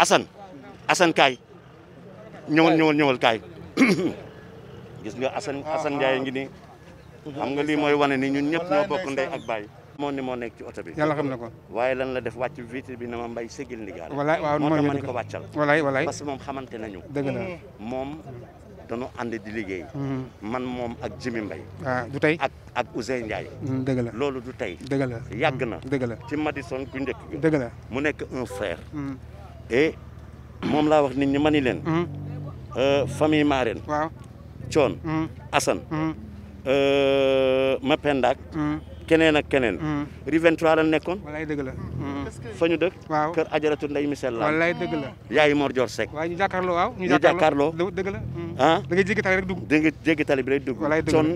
Assane Assane kaay ñëwal ñëwal ñëwal kaay gis nga Assane Assane a ngi nii xam nga lii mooy wane ni ñun ñëpp ñoo bokk ndey ak baay moo ni moo nekk ci oto bi yàlla xam na ko waaye lan la def wàcc vitre bi na ma mbay ségil ndigaal walaay ni ko wàccal walaay walaay parce que moom xamante nañu dëgg la moom dañu ànd di liggéey hmm. man moom ak Jimi Mbay ah du tey ak ak Ousseyn Ndiaye hmm, dëgg loolu du tey dëgg yàgg na hmm, dëgg la ci Madison bu njëkk bi dëgg la mu nekk un frère et eh, moom laa wax nit ñi ma ni leen. Hmm. Euh, fami Marène. waaw Thion. Hmm. Assane. Hmm. Euh, Mapendak. keneen ak keneen. Rue 23 la nekkoon. walaay dëgg la. fa ñu dëkk. waaw kër ajaratu nday Michel la. walaay dëgg la. yaay Mor Dior Seck. waaw ñu jàkkaarloo waaw. ñu jàkkaarloo dëgg la. ah da ngay jéggi tali rek dugg. da ngay jéggi bi rek dugg. walaay dëgg la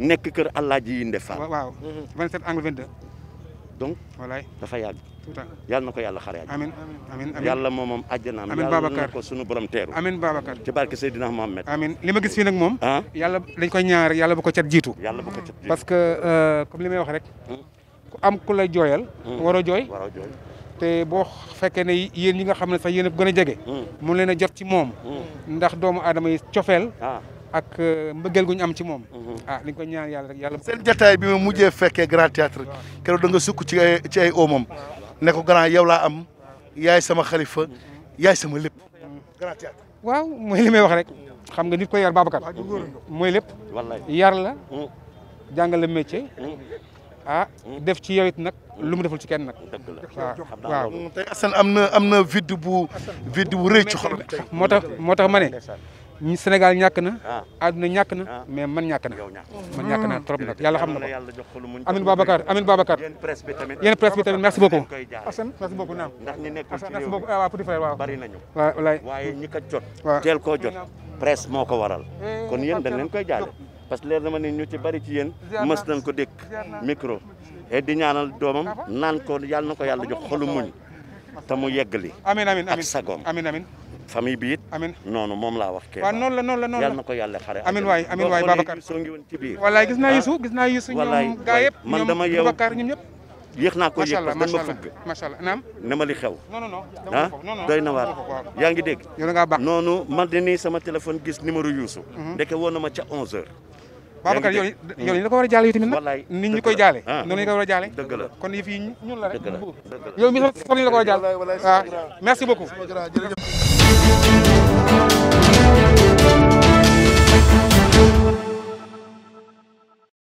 nekk kër Alaaji Yinde Fall. waaw 27 dafa yàgg. yàlla na ko yàlla xare amiin amiin amiin yàlla moom moom àjjanaam yàlla na ko sunu borom teeru amiin Babacar ci barke Seydina Mohamed amiin li ma gis fii nag moom ah? yàlla dañ koy ñaar yàlla bu ko cat jiitu yàlla bu ko cat jiitu que euh, comme li may wax rek hmm? ku am ku lay jooyal hmm? waroo jooy waroo jooy te boo fekkee ne yéen ñi nga xam ne sax yéen a gën a jege hmm? mun leen a jot ci moom ndax doomu aadama yi cofeel ah. ak euh, mbëggeel gu ñu am ci moom. ah li ko ñaan yàlla rek yàlla. seen jataay bi ma mujjee fekkee grand théâtre keroog da sukk ci ay ci ne ko grand yow laa am yaay sama xalifa yaay sama lépp. grand waaw mooy may wax xam nga nit ko yar Babacar mooy lépp yar la hmm. jàngal la métier hmm. Ah, hmm. def ci yow it nag lu mu deful ci kenn nag. am na am na vide bu bu moo tax moo tax ma ñi Sénégal ñàkk na. Ah. àdduna ñàkk na ah. mais man ñàkk na. man ñàkk na trop nag ah. yàlla xam na ko Amin Babacar Amin Babacar. yéen presse bi tamit yéen presse bi tamit merci beaucoup. Assane merci beaucoup naam. ndax ñi nekkul ci réew mi waaw Petit Frère waaw. ñi ko jot. waaw teel koo jot presse moo ko waral. Eh, kon yéen dañ leen koy jaale. parce que leer na ma ne ñu ci bari ci yéen mës nañ ko dégg micro. et eh, di ñaanal doomam naan ko yàlla na ko yàlla jox xolu muñ te mu yeggali. amiin amiin ak sagoom amiin amiin famille bi it. amiin noonu moom laa wax. waaw noonu la noonu la la yal na ko yàlla xare. amiin waay amiin waay Babacar soo ngi woon ci biir. wallaay gis naa ah. Youssou gis naa Youssou ñoom gaa yëpp man dama yeew Babacar ñoom ñëpp. yéex naa ko yéex xew. Ah? doy na waar yaa ngi dégg. noonu man de nii sama téléphone gis numéro Youssou. Mhm. ndeke woon na ca 11h. Babacar yow yow la ko war a jaale yow tamit nag nit ñi koy jaale ah. noonu ñu ko war a jaale dëgg la kon yëf yi ñun la rek a merci beaucoup Thank